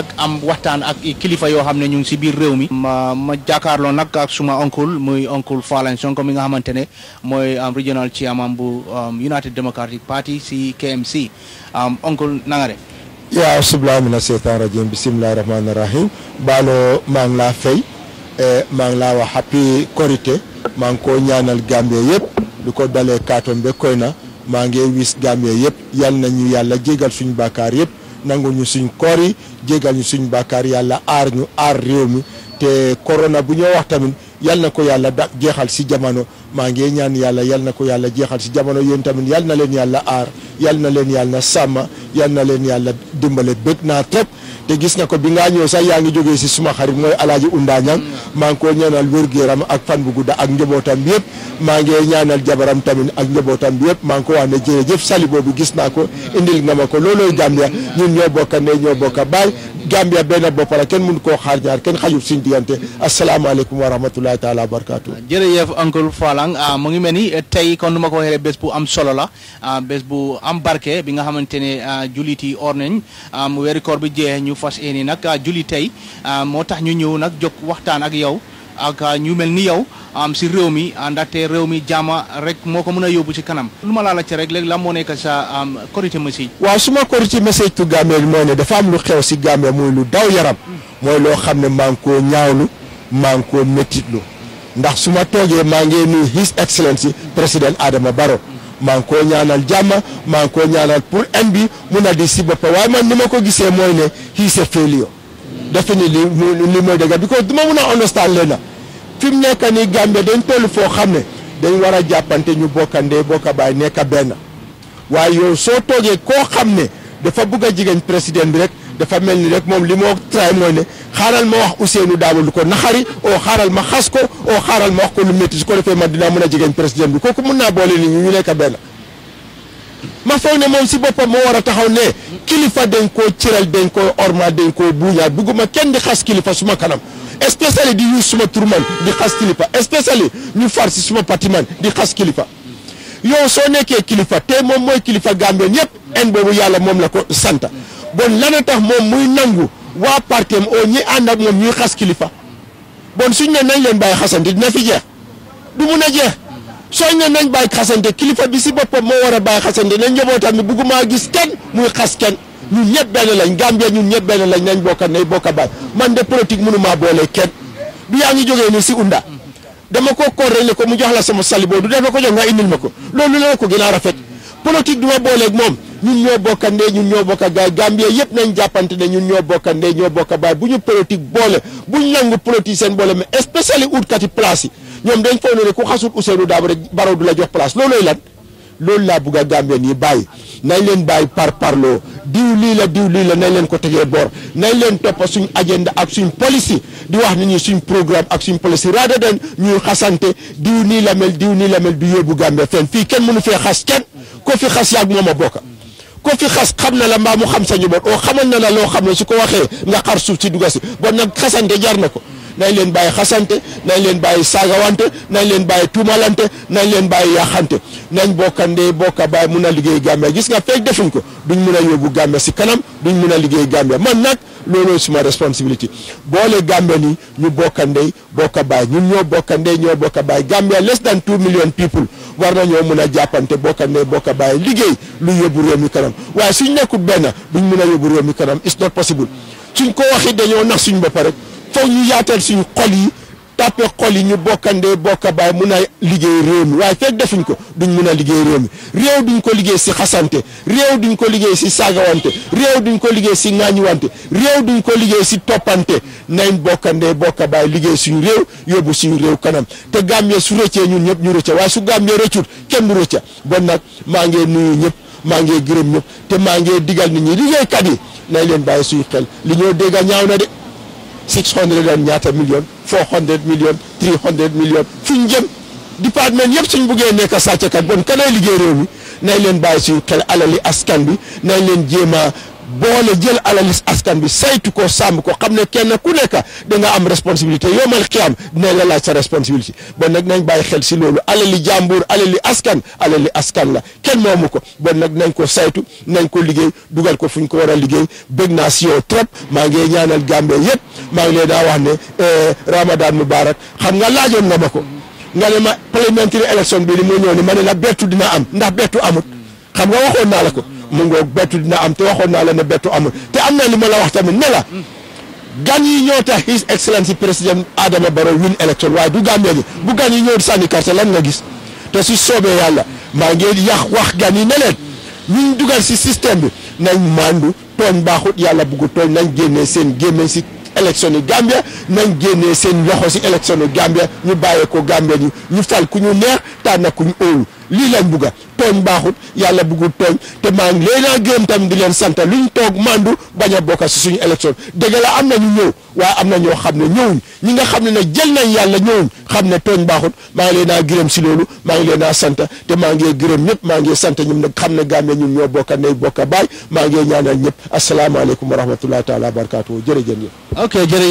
ak am waxtaan ak kilifa yoo xam ne ñu ngi si biir réew mi. ma ma jàkkaarloo nag ak suma oncle muy oncle Fallen Sonko mi nga xamante ne mooy um, regional chairman bu um, United Democratic Party si KMC oncle um, na nga def. yaa asubila mina seytaan rajim bisimilah rahmaani rahim Baalo maa ngi laa fay eh, maa laa wax happy korité maa ngi ñaanal Gambie yëpp lu ko dalee Kaatom ba koy na maa ngi wis Gambie yëpp yal yàlla jégal suñu bàkkaar yëpp. nangul ñu suñ koor yi jégal ñu suñ bàkkaar yàlla aar ñu aar réew mi te corona bu ñoo wax tamit yal na ko yàlla da jeexal si jamono maa ngi ñaan yàlla yal na ko yàlla jeexal si jamono yéen tamit yal na leen yàlla aar yal na leen yàlla sàmm yal na leen yàlla dimbale bëgg naa trop te gis nga ko bi ngaa ñëw sax yaa ngi jógee si suma xarit mooy alaaji undaañang maa ngi ko ñaanal wér-gu-yaram ak fan bu gudda ak njabootam bi yëpp maa ngi ñaanal jabaram tamit ak njabootam bi yëpp maa ngi ko wax ne jërëjëf sali boobu gis naa ko indil nga ko loolooy Gambia ñun ñoo bokka ne ñoo bokka baay Gambia benn bopp la kenn mënu koo xaar ñaar kenn xajul suñu diggante asalaamaaleykum wa rahmatulahi taala wa barakaatu. Ah, jërëjëf uncle Falang ah, mu ngi mel ni eh, tey kon nu ma ko waxee bés bu am solo la ah, bés bu am barke bi nga xamante ne jullit yi or nañ mu weeri koor bi jeexee ñu fas yéene nag julli tey moo tax ñu ñëw nag jóg waxtaan ak yow. ak ñu mel ni yow am si réew mi ah, ndaxte réew mi jaama rek moo ko mën a yóbbu si kanam lu ma laa laajte rek léegi la moo nekk sa korité message waaw su ma korité message tu Gambie mooy ne dafa am lu xew si Gambie muy lu daw yaram mooy loo xam ne maa ko koo ñaawlu maa ngi koo ndax su ma toogee maa ngi nuyu his excellency président Adama Barrow maa ngi koo ñaanal jàmm maa ngi koo ñaanal pour en bi mun a di si boppam waaye man ni ma ko gisee mooy ne his a failure dafa ni li li mooy dëgg because du ma mun a understand leen na fi mu nekk nii Gambia dañ toll foo xam ne dañ war a jàppante ñu bokkandee bokka baay nekk benn waaye yow soo toogee koo xam ne dafa bugg a jigéen président bi rek dafa mel ni rek moom li moo tray mooy ne xaaral ma wax Ousseynou Daabo lu ko naxari oo xaaral ma xas ko oo xaaral ma wax ko lu métti su ko defee man dinaa mën a jigéen président bi kooku mun naa boole ni ñu nekk benn ma foog ne moom si boppam moo war a taxaw ne kilifa dañ koo cëral dañ koo orma dañ koo buuñaa bugguma kenn di xas kilifa suma kanam especially di yuus suma tur man di xas kilifa especially ñu far suma parti di xas kilifa yow soo nekkee kilifa te moom mooy kilifa Gambien yëpp en boobu yàlla moom la ko sant bon lana tax moom muy nangu waa partem o ñi ànd ak moom ñuy xas kilifa bon suñ ne nañ leen bàyyi xasante dina fi jeex du mun a jeex soññe nañ bàyyi xasante kilifa bi si boppam moo war a bàyyi xasante nañ njabootam ne bëgguma gis kenn muy xas kenn ñun ñëpp benn lañ Gambia ñun ñëpp benn lañ nañ bokka nay bokka baay man de politique mënumaa kenn du yaa ngi jógee nii si unda dama ko ko mu jox sama sali du def na ko jox nga ko loolu ko gën a rafet politique du ma booleeg moom ñun ñoo bokka ndey ñun ñoo bokka gaay Gambia nañ jàppante ne ñun ñoo bokka ndey ñoo bokka baay bu ñu politique boole bu ñu nangu politique seen boole mais especially utkati place yi ñoom dañ foog ne ne ku xasul Ousseynou Dabo rek Barrow du la jox place loolooy lan loolu laa bugg a Gambien yi bàyyi nañ leen bàyyi par parloo diw lii la diw lii la nañ leen ko tegee boor nañ leen toppa suñu agenda ak suñu policy di wax nit ñi suñ programme ak suñ policy rather than ñuy xasante diw nii la mel diw nii la mel du yóbbu Gambia fenn fii kenn mënu fee xas kenn ko fi xas yaag moom a bokka ko fi xas xam na la mbaa mu xam sa njaboot oo oh, xamal na la loo xam ne su ko waxee nga xar suuf si dugga si bon nag xasante jar na ko nañ leen bàyyi xasante nañ leen bàyyi saagawante nañ leen bàyyi tuumalante nañ leen bàyyi yàqante nañ bokka ndey bokka bàyyi mun a liggéey Gambia gis nga fekk defuñ ko duñ a yóbbu Gambia si kanam duñ mun a liggéey Gambia man nag looloo suma responsabilité boole Gambia ni ñu bokka ndey bokka bàyyi ñun ñoo bokka ndey ñoo bokka bàyyi Gambia less than two million people war nañoo mun a jàppante bokka ndey bokka bàyyi liggéey lu yóbbu réew mi kanam waaye suñ nekkul benn duñ mun a yóbbu réew mi kanam it's not possible suñ ko waxi dañoo nax suñ bopp rek foog ñu yaatal suñu xol yi tàppe xol yi ñu bokkandee bokka baay mun a liggéey réew mi waaye fekk defuñ ko duñ mun a liggéey réew mi réew duñ ko liggéey si xasante réew duñ ko liggéey si saagawante réew duñ ko liggéey si ŋaañuwante réew duñ ko liggéey si toppante nañ bokkandee bokka baay liggéey suñu réew yóbbu suñu réew kanam te Gambie su rëccee ñun ñëpp ñu rëcca waaye su Gambie rëccut kenn du rëcca bon nag maa ngi nuyu ñëpp maa ngi gërëm ñëpp te maa ngi digal nit ñi liggéeykat yi nañ leen bàyyi suñu xel li ñoo dégg ñaaw na de 600 and ñaata million 400 million 300 million fu ñu jëm département yëpp suñ buggee nekk sàcckat bon kanay liggéey réew mi nañ leen bàyyi suñu xel alali askan bi nañ leen jéem a boole jël alalis askan bi saytu ko sàmm ko xam ne kenn ku nekk da nga am responsabilité yoomal xiyaam dinañ la laaj sa responsabilité bon nag nañ bàyyi xel si loolu alali jàmbur alali askan alali askan la kenn moomu ko bon nag nañ ko saytu nañ ko liggéey dugal ko fu ñu ko war liggéey bëgg naa si yow trop maa ngi ñaanal Gambie yëpp maa ngi leen daa wax ne eh, Ramadan Mubarak xam nga laajoon nga ma ko. nga ne ma parlementaire élection bi li mu ñëw ne ma ne la bettu dina am ndax bettu amut xam nga waxoon naa la ko mu nga bettu dina am te waxoon naa la ne bettu amut te am na li ma la wax tamit ne la gan yi ñoo tax his excellency président Adama Barrow win élection waaye du Gambia ñi bu gan yi ñëw sànni lan nga gis te si soobee yàlla maa ngi yàq wax gan yi ne leen ñu dugal si système bi nañ mandu tooñ baaxut yàlla buggu tooñ nañ génnee seen gémmiñ si élection yi Gambia nañ génnee seen loxo si élection yi Gambia ñu bàyyee ko Gambia ñu ñu fal ku ñu neex tànn ku ñu óolu lii lañ bugga tooñ baaxut yàlla buggul tooñ te maa ngi leen a gërëm tamit di leen sant luñ toog mandu bañ a bokk suñu élection dëgg la am na ñu ñëw waaye am na ñoo xam ne ñëwuñ ñi nga xam ne nag jël nañ yàlla ñëwuñ xam ne tooñ baaxut maa ngi leen a gërëm si loolu maa ngi leen a sant te maa ngi gërëm ñëpp maa ngi sant ñoom nag xam ne Gambie ñu ñoo bokka ndey bokka baay maa ngi ñaanal ñëpp asalaamaaleykum wa rahmatullahi taala wa barakatuhu jërëjëf ok jërëjëf